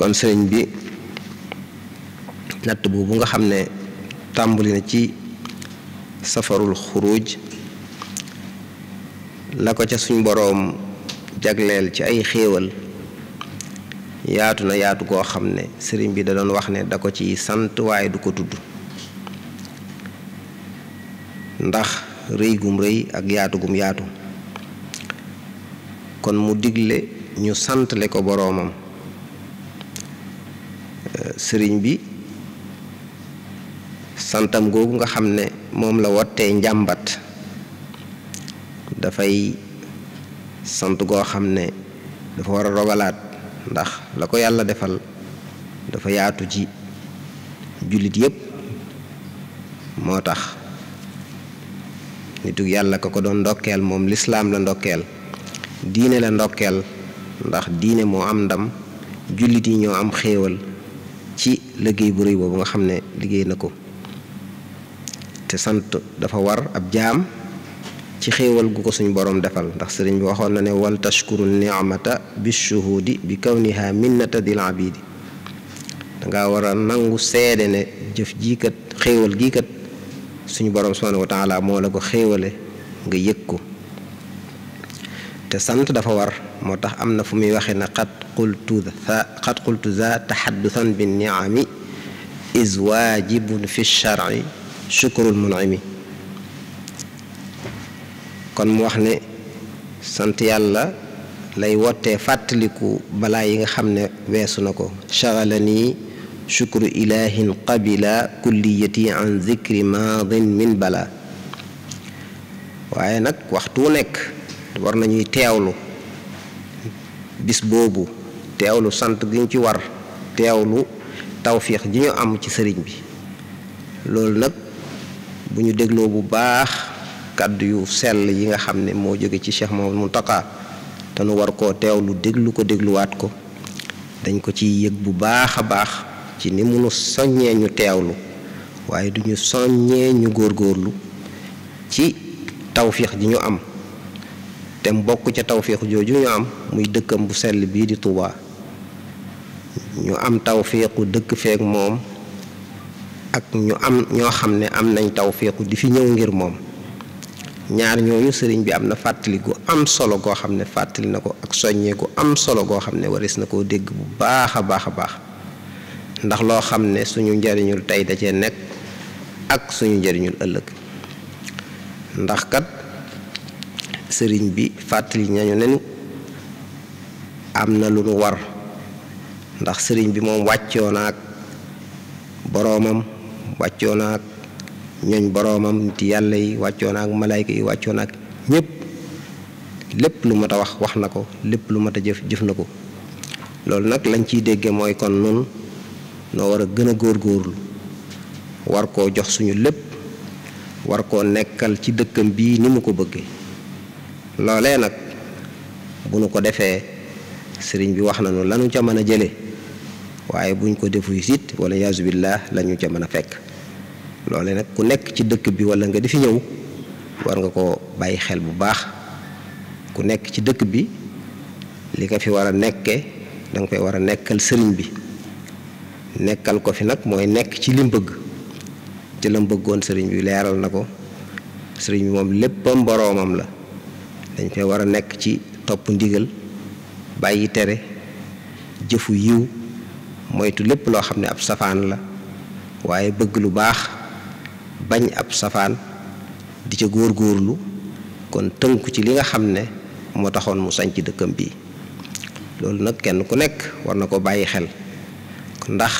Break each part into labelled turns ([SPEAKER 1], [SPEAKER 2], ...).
[SPEAKER 1] kon sëriñ bi natt boobu nga xam ne tàmbali na ci safarul xuruj la ko ca suñ boroom jagleel ci ay xéewal yaatu na yaatu koo xam ne sëriñ bi da wax ne dako ko ci sant waaye du ko tudd ndax rëy gum rëy ak yaatu gum yaatu kon mu digle ñu santale ko boroomam sëriñ bi santam googu nga xam ne moom la wottee njàmbat dafay sant goo xam ne dafa war a rogalaat ndax la ko yàlla defal dafa yaatu ci jullit yépp moo tax nitug yàlla ko ko doon ndokkeel moom lislaam la ndokkeel diine la ndokkeel ndax diine moo am ndam jullit yi ñoo am xéewal ci liggéey bu rëy boobu nga xam ne liggéey na ko te sant dafa war ab jaam ci xéewal gu ko suñ boroom defal ndax sëriñ bi waxoon na ne wal tashkuru ni'mata bi shuhudi bi kawniha minnata dil abidi danga war a nangu seede ne jëf jii kat xéewal gii kat suñu boroom subhanahu wa taala moo la ko xéewale nga yëg ko te sant dafa war moo tax am na fu muy waxee ne xad qultu za xad qultu za taxaddusan bi niami is waajibun fi shari chukrul munimi kon mu wax ne sant yàlla lay wote fàttaliku balaa yi nga xam ne weesu na ko chagala nii chukru ilahin qabila kulliyati an zikri maadin min bala waaye nag waxtu wu nekk war nañuy teewlu bis boobu teewlu sant gi ñu ci war teewlu tawfiix ji ñu am ci sëriñ bi loolu nag bu ñu dégloo bu baax kàddu yu sell yi nga xam ne moo jóge ci Cheikh mu Mountakha te nu war koo teew lu déglu ko dégluwaat ko dañ ko ci yëg bu baax a baax ci ni munu soññee ñu teewlu waaye duñu soññee ñu góorgóorlu ci tawféex ji ñu am te mbokk ca tawféex jooju ñu am muy dëkkam bu sell bii di Touba ñu am tawféexu dëkk feek moom ak ñu am ñoo xam ne am nañ tawféexu di fi ñëw ngir moom ñaar ñooñu sëriñ bi am na fàttali gu am solo goo xam ne fàttali na ko ak soññee gu am solo goo xam ne waris na koo dégg bu baax a baax a baax ndax loo xam ne suñu njariñul tey da cee nekk ak suñu njariñul ëllëg ndax kat sëriñ bi fàttali nañu ne am na lu nu war ndax sëriñ bi moom wàccoo naag boroomam wàccoo naag ñooñ boroomam ti yàlla yi wàccoo naag malaayka yi wàccoo naag ñépp lépp lu mat a wax wax na ko lépp lu mat a jëf jëf na ko loolu nag lañ ciy dégge mooy kon nun noo war a gën a góorgóorlu war koo jox suñu lépp war koo nekkal ci dëkkam bii ni mu ko bëggee loolee nag bu nu ko defee sëriñ bi wax nañu lanu ca mën a jële waaye buñ ko defu it wala yaasu billah lañu ñu ca mën a fekk loole nag ku nekk ci dëkk bi wala nga di fi ñëw war nga ko bàyyi xel bu baax ku nekk ci dëkk bi li nga fi war a nekke danga koy war a nekkal sëriñ bi nekkal ko fi nag mooy nekk ci lim bëgg ci lam sëriñ bi leeral na ko sëriñ bi moom léppam boroomam la dañ fee war a nekk ci topp ndigal bàyyi tere jëfu yiw moytu lépp loo xam ne ab safaan la waaye bëgg lu baax bañ ab safaan di ca góorlu kon tënku ci li nga xam ne moo taxoon mu sañc dëkkam bii loolu nag kenn ku nekk war na ko bàyyi xel ndax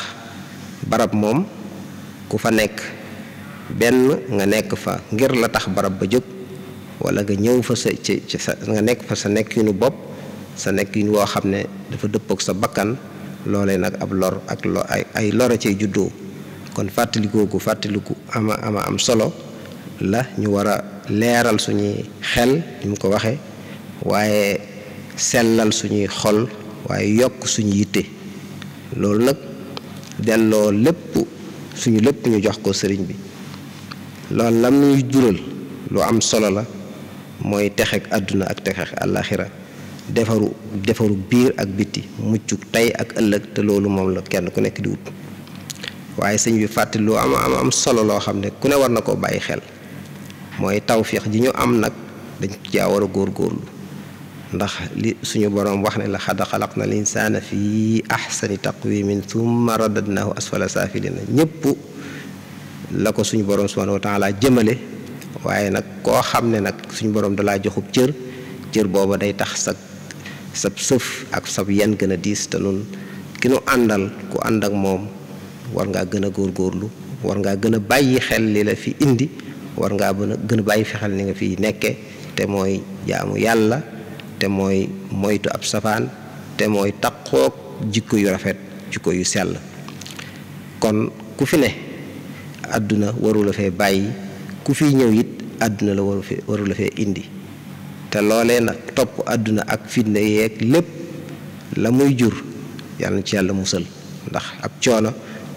[SPEAKER 1] barab moom ku fa nekk benn nga nekk fa ngir la tax barab ba jóg wala nga ñëw fa sa ci ci nga nekk fa sa nekkinu bopp sa nekkin woo xam ne dafa dëppook sa bakkan loole nag ab lor ak lo ay loro lor cay juddoo kon fàttalikooku fàttaliku ama ama am solo la ñu war a leeral suñuy xel ni mu ko waxee waaye sellal suñuy xol waaye yokk suñu yitte loolu nag delloo lépp suñu lépp ñu jox ko sëriñ bi loolu lam ñuy jural lu am solo la mooy texek àdduna ak texe àllaaxira defaru defaru biir ak bitti muccuk tey ak ëllëg te loolu moom la kenn ku nekk di wut waaye sëñ bi fàtte lu am am am solo loo xam ne ku ne war na koo bàyyi xel mooy tawféex ji ñu am nag dañ caa war a góorgóorlu ndax li suñu boroom wax ne la xad xalaq na linsaana fi ahsani taqwimin thumma radadnahu asfala saafilina ñëpp la ko suñu boroom subhanahu wa laa jëmale waaye nag koo xam ne nag suñu borom dalaa joxub cër cër booba day tax sa sab sëf ak sab yenn gën a diis te nun ki nu àndal ku ànd ak moom war ngaa gën a góorlu war ngaa gën a bàyyi xel li la fi indi war ngaa gën a bàyyi fexel ni nga fi nekke te mooy jaamu yàlla te mooy moytu ab safaan te mooy taqoog jikko yu rafet jikko yu sell kon ku fi ne àdduna warula fee bàyyi ku fi ñëw it àdduna la waru fi waru fee indi te loolee nag topp àdduna ak fitna yeeg lépp la muy jur yàlla na ci yàlla musal ndax ab coono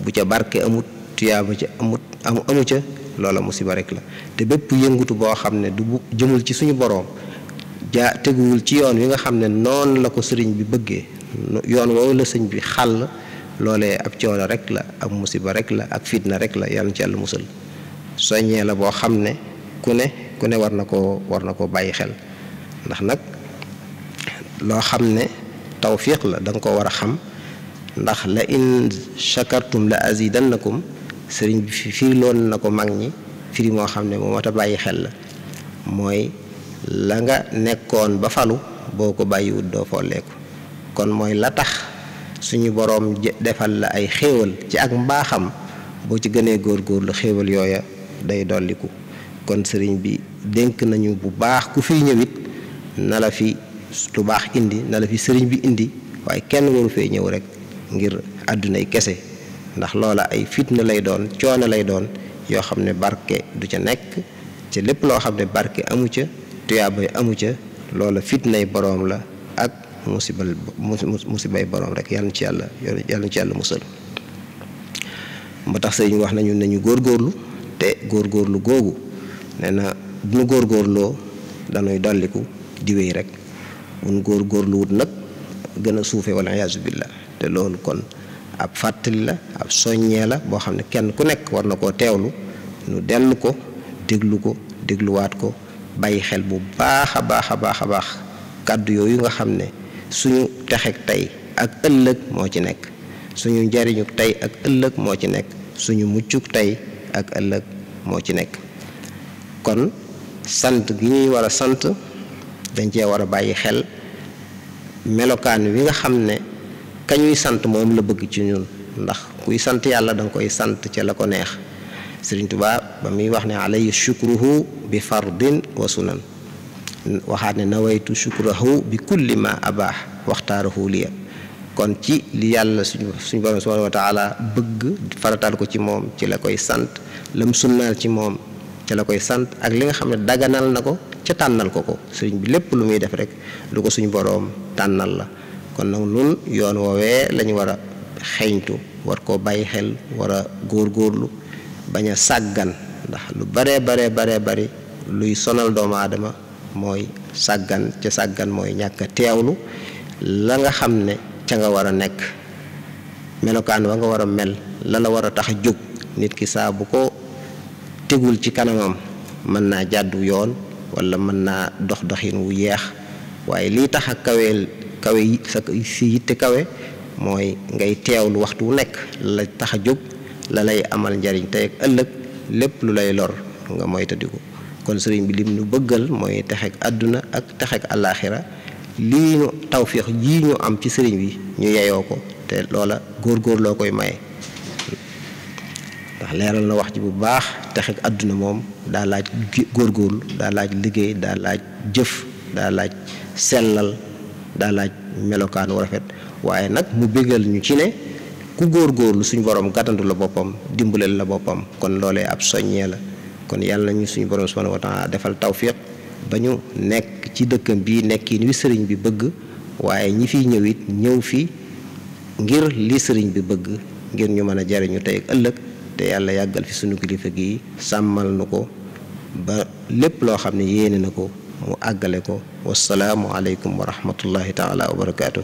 [SPEAKER 1] bu ca barke amut tuyaaba ca amut am amu ca loola musiba rek la te bépp yëngutu boo xam ne du jëmul ci suñu boroom jaa teguwul ci yoon wi nga xam ne noon la ko sëriñ bi bëggee yoon woowu la sëñ bi xàll loolee ab coono rek la ab musiba rek la ak fitna rek la yàlla na ci yàlla musal soññee la boo xam ne ku ne ku ne war na koo war na koo bàyyi xel ndax nag loo xam ne tawfiq la danga ko war a xam ndax la in shakartum la azidannakum sëriñ bi firi loon na ko mag ñi firi moo xam ne moo a bàyyi xel la mooy la nga nekkoon ba falu boo ko bàyyiwut doo folleeku kon mooy la tax suñu boroom defal la ay xéewal ci ak mbaaxam boo ci gënee góor góor góorgóorlu xéewal yooya day dolliku kon sëriñ bi dénk nañu bu baax ku fiy ñëwit na la fi lu baax indi na fi sëriñ bi indi waaye kenn waru fee ñëw rek ngir àddunay kese ndax loola ay fitna lay doon coono lay doon yoo xam ne barke du ca nekk ci lépp loo xam ne barke amu ca tuyaabay amu ca loola fitnay boroom la ak musibal musibay boroom rek yàlla na ci yàlla yàlla na ci yàlla musal moo tax sëriñ wax nañu nañu góorlu te góor góorlu googu nee na bu nu góorgóorloo dañuy dolliku di wéy rek bu nu góorgóorlu wut nag gën a suufee wala iyaasu billah te loolu kon ab fàttali la ab soññee la boo xam ne kenn ku nekk war na koo teewlu nu dellu ko déglu ko dégluwaat ko bàyyi xel bu baax a baax a baax a baax kàddu yooyu nga xam ne suñu texeeg tey ak ëllëg moo ci nekk suñu njariñu tey ak ëllëg moo ci nekk suñu muccuk tey ak ëllëg moo ci nekk kon sant gi ñuy war a sant dañ cee war a bàyyi xel melokaan wi nga xam ne kañuy sant moom la bëgg ci ñun ndax kuy sant yàlla danga koy sant ca la ko neex Sëriñ Tuubaa ba muy wax ne alayhi shukruhu bi fardin wa sunan waxaat ne nawaytu shukruhu bi kulli ma abaax waxtaarahu liya kon ci li yàlla suñu suñu borom subhaanahu bëgg faratal ko ci moom ci la koy sant lam sunnaal ci moom ca la koy sant ak li nga xam ne daganal na ko ca tànnal ko ko sëriñ bi lépp lu muy def rek lu ko suñ boroom tànnal la kon nag nun yoon woowee lañu war a xeeñtu war koo bàyyi xel wara góor góorlu bañ a sàggan ndax lu baree baree baree bari luy sonal doomu aadama mooy sàggan ca sàggan mooy ñàkk teewlu la nga xam ne ca nga war a nekk melokaan wa nga war a mel la la war a tax jóg nit ki saabu ko tegul ci kanamam mën naa jàddu yoon walla mën naa dox doxin wu yeex waaye lii tax ak kaweel kawe si yitte kawe mooy ngay teew lu waxtu wu nekk la tax a jóg la lay amal njariñ tey ak ëllëg lépp lu lay lor nga moytandiku kon sëriñ bi lim ñu bëggal mooy texek àdduna ak texek àllaaxira lii ñu tawféex jii ñu am ci sëriñ bi ñu yeyoo ko te loola góorgóorloo koy maye. leeral na wax ji bu baax texeg àdduna moom daa laaj góorgóorlu daa laaj liggéey daa laaj jëf daa laaj sellal daa laaj melokaan wu rafet waaye nag mu bégal ñu ci ne ku góorgóorlu suñu boroom gàttandu la boppam dimbalal la boppam kon loolee ab soññee la kon yàlla nañu suñu borom subhanahu wa taala defal tawfiq ba ñu nekk ci dëkkam bi nekkin wi sëriñ bi bëgg waaye ñi fiy ñëw ñëw fi ngir li sëriñ bi bëgg ngir ñu mën a jariñu tey ëllëg te yàlla yàggal fi sunu kilifa gi sàmmal nu ko ba lépp loo xam ne yéene na ko mu àggale ko wasalaamu aleykum wa rahmatullahi taala wa barakaatu.